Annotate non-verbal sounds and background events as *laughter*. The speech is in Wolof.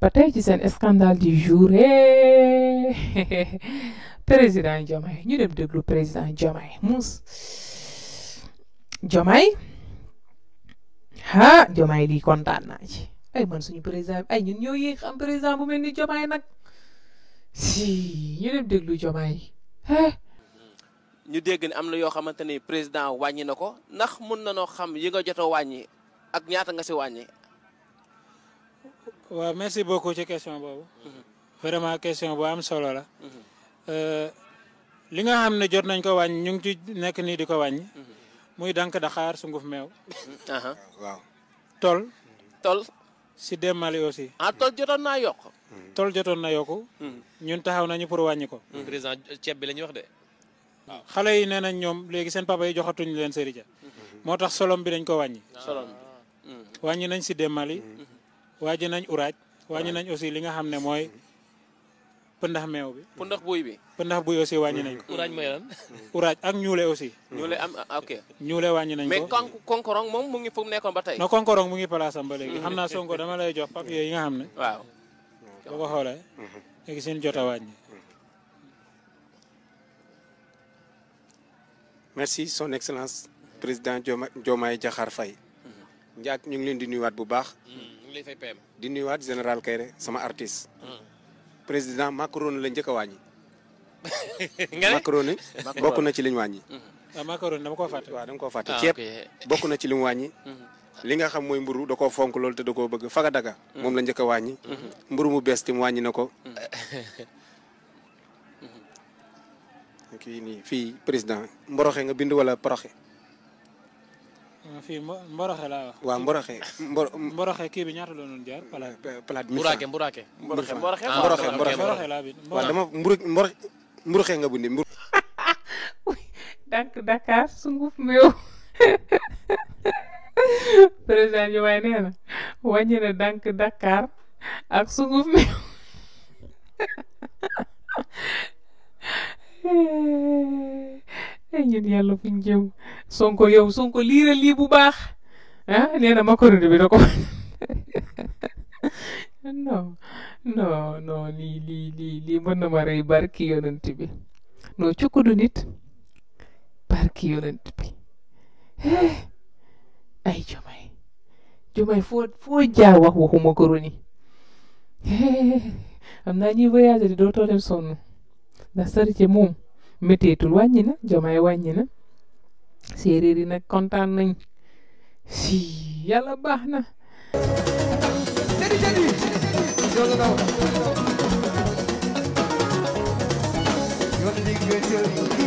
ba tey ci seen scandale du jour eh, président Diomaye ñu dem déglu président Diomaye muus Diomaye ah Diomaye lii kontaan naa ci ay man suñu président ay ñun ñoo yéex am président bu mel ni Diomaye nag si ñu dem déglu Diomaye ah ñu dégg ne am na yoo xamante ni président wàññi na ko ndax mun na noo xam yi nga jot wàññi ak ñaata nga si wàññi. waaw merci beaucoup ci question boobu. Mm-hmm. vraiment question bu am solo la. Mm-hmm. Euh, li nga xam ne jot nañ ko wàññi ñu ngi ci nekk nii di ko wàññi. Mm-hmm. muy dank daxaar sunguf meew. Uh-huh. waaw. tol. tol si demmali aussi. ah tol jotoon naa yokk. tol jotoon na yokku. ñun taxaw nañu pour wàññi ko. ceeb bi la ñuy wax de. xale yi nee nañ ñoom léegi seen papa yi joxatuñ leen seeri Dia moo tax solom bi dañ ko wàññi. Ah. solom bi hmm. wàññi nañ si mali hmm. wàññi nañ Uraaj. wàññi nañ aussi li nga xam ne mooy pëndax meew bi. pëndax buy bi. pëndax buy aussi wàññi nañ ko. Uraaj mooy lan. Hmm. ak ñuule aussi. ñuule am ah, ok. ñuule wàññi nañ ko mais kon konkorong moom mu ngi fu mu ba tey. non konkorong mu ngi palaasam ba léegi. xam naa Sonko dama lay jox papier yi nga xam ne. waaw boo ko léegi seen jot a wàññi. merci son excellence président Diomaye Diakhar Faye njaak ñu ngi leen di nuyuat bu baax hmm, di nuyuat général Kayré sama artiste hmm. président Macron la ñëk wañi *laughs* macron bokku na ci liñ wañi hmm. ah, waaw macaroni dama ko faté ah, wa dama ko faté ciép bokku na ci liñ wañi *laughs* li nga xam moy mburu da ko fonk lol te da ko bëgg faga daga mom la ñëk wañi mburu mu bees tim wañi nako *laughs* kii nii fii président mboroxe nga bind wala poroxe euh, fii mboroxe laa wax waaw mboroxe mboroxe kii bi ñaata la doon jaar palaat mburaake mburaake mboroxe mboroxe mboroxe laa bind waaw dama mburu mboroxe nga bundi mbur *laughs* dakk dakar sunguf meew *laughs* président Diomaye nee na wàññi na dakar ak sunguf meew *laughs* ay yéen yàlla fuñ jëm sonko yow sonko liiral lii bu baax ah nee na macaroni bi da ko *laughs* non non lii lii lii lii mën na ma rey barki yonent bi non cukkudu nit barki yonent bi eh, ay jomay jomay foo foo jaa wax waxu macaroni eh, am naa ñuy voyagé di dootoo dem sonn ndax sarite métteetul wàññi na jomaay wàññi na séeréer yi nag kontaan nañ si yàlla baax na